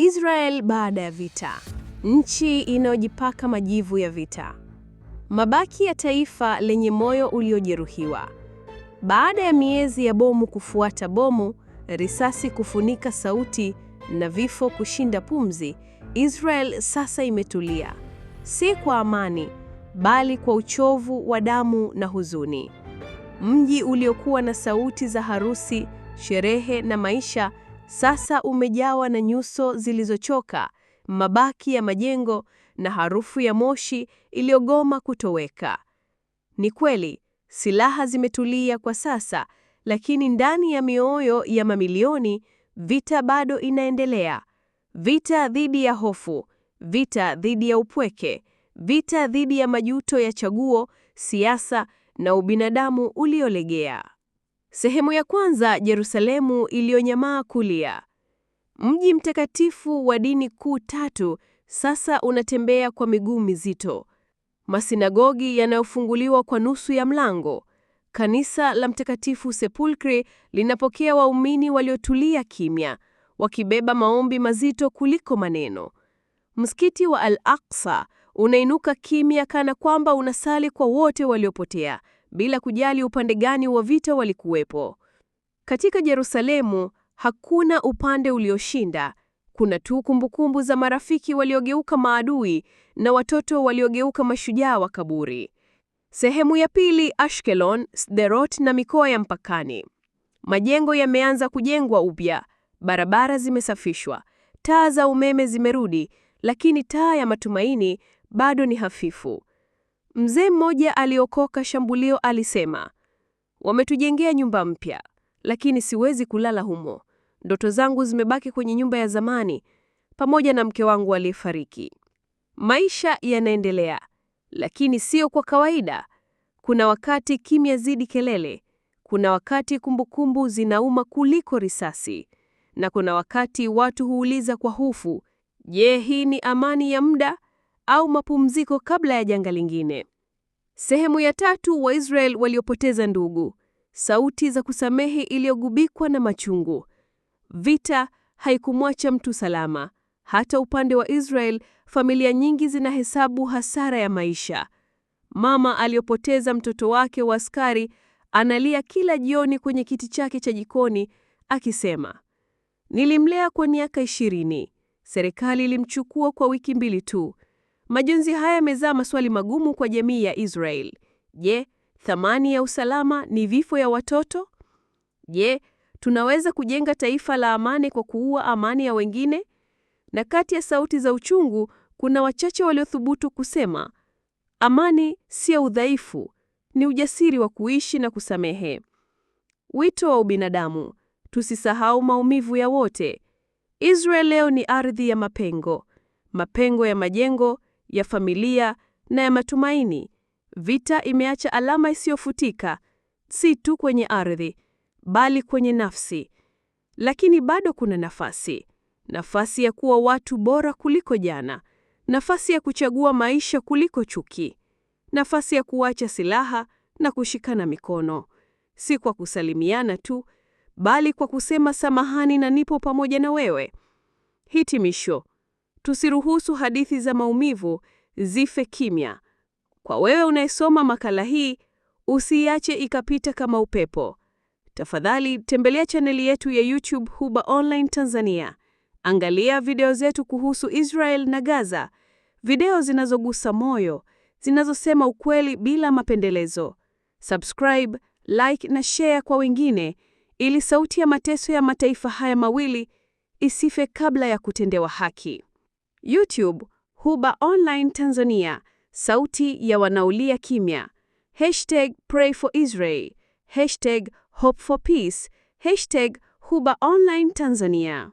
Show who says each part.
Speaker 1: Israel baada ya vita, nchi inayojipaka majivu ya vita, mabaki ya taifa lenye moyo uliojeruhiwa. Baada ya miezi ya bomu kufuata bomu, risasi kufunika sauti na vifo kushinda pumzi, Israel sasa imetulia, si kwa amani, bali kwa uchovu wa damu na huzuni. Mji uliokuwa na sauti za harusi, sherehe na maisha sasa umejawa na nyuso zilizochoka, mabaki ya majengo na harufu ya moshi iliyogoma kutoweka. Ni kweli, silaha zimetulia kwa sasa, lakini ndani ya mioyo ya mamilioni vita bado inaendelea. Vita dhidi ya hofu, vita dhidi ya upweke, vita dhidi ya majuto ya chaguo, siasa na ubinadamu uliolegea. Sehemu ya kwanza, Yerusalemu iliyonyamaa kulia. Mji mtakatifu wa dini kuu tatu sasa unatembea kwa miguu mizito. Masinagogi yanayofunguliwa kwa nusu ya mlango. Kanisa la Mtakatifu Sepulkri linapokea waumini waliotulia kimya, wakibeba maombi mazito kuliko maneno. Msikiti wa Al-Aqsa unainuka kimya kana kwamba unasali kwa wote waliopotea bila kujali upande gani wa vita walikuwepo. Katika Yerusalemu hakuna upande ulioshinda, kuna tu kumbukumbu za marafiki waliogeuka maadui na watoto waliogeuka mashujaa wa kaburi. Sehemu ya pili: Ashkelon, Sderot na mikoa ya mpakani. Majengo yameanza kujengwa upya, barabara zimesafishwa, taa za umeme zimerudi, lakini taa ya matumaini bado ni hafifu. Mzee mmoja aliokoka shambulio alisema, wametujengea nyumba mpya, lakini siwezi kulala humo. Ndoto zangu zimebaki kwenye nyumba ya zamani pamoja na mke wangu aliyefariki. Maisha yanaendelea, lakini sio kwa kawaida. Kuna wakati kimya zidi kelele, kuna wakati kumbukumbu zinauma kuliko risasi, na kuna wakati watu huuliza kwa hofu, je, hii ni amani ya muda au mapumziko kabla ya janga lingine. Sehemu ya tatu, waisrael waliopoteza ndugu, sauti za kusamehe iliyogubikwa na machungu. Vita haikumwacha mtu salama. Hata upande wa Israel, familia nyingi zinahesabu hasara ya maisha. Mama aliyopoteza mtoto wake wa askari analia kila jioni kwenye kiti chake cha jikoni akisema, nilimlea kwa miaka ishirini. Serikali ilimchukua kwa wiki mbili tu. Majonzi haya yamezaa maswali magumu kwa jamii ya Israel. Je, thamani ya usalama ni vifo ya watoto? Je, tunaweza kujenga taifa la amani kwa kuua amani ya wengine? Na kati ya sauti za uchungu kuna wachache waliothubutu kusema, amani sio udhaifu, ni ujasiri wa kuishi na kusamehe. Wito wa ubinadamu: tusisahau maumivu ya wote. Israel leo ni ardhi ya mapengo, mapengo ya majengo ya familia na ya matumaini. Vita imeacha alama isiyofutika, si tu kwenye ardhi, bali kwenye nafsi. Lakini bado kuna nafasi, nafasi ya kuwa watu bora kuliko jana, nafasi ya kuchagua maisha kuliko chuki, nafasi ya kuacha silaha na kushikana mikono, si kwa kusalimiana tu, bali kwa kusema samahani na nipo pamoja na wewe. Hitimisho. Tusiruhusu hadithi za maumivu zife kimya. Kwa wewe unayesoma makala hii, usiiache ikapita kama upepo. Tafadhali tembelea chaneli yetu ya YouTube Hubah Online Tanzania. Angalia video zetu kuhusu Israel na Gaza, video zinazogusa moyo, zinazosema ukweli bila mapendelezo. Subscribe, like na share kwa wengine ili sauti ya mateso ya mataifa haya mawili isife kabla ya kutendewa haki. YouTube Huba Online Tanzania, sauti ya wanaolia kimya, hashtag Pray for Israel, hashtag Hope for Peace, hashtag Huba Online Tanzania.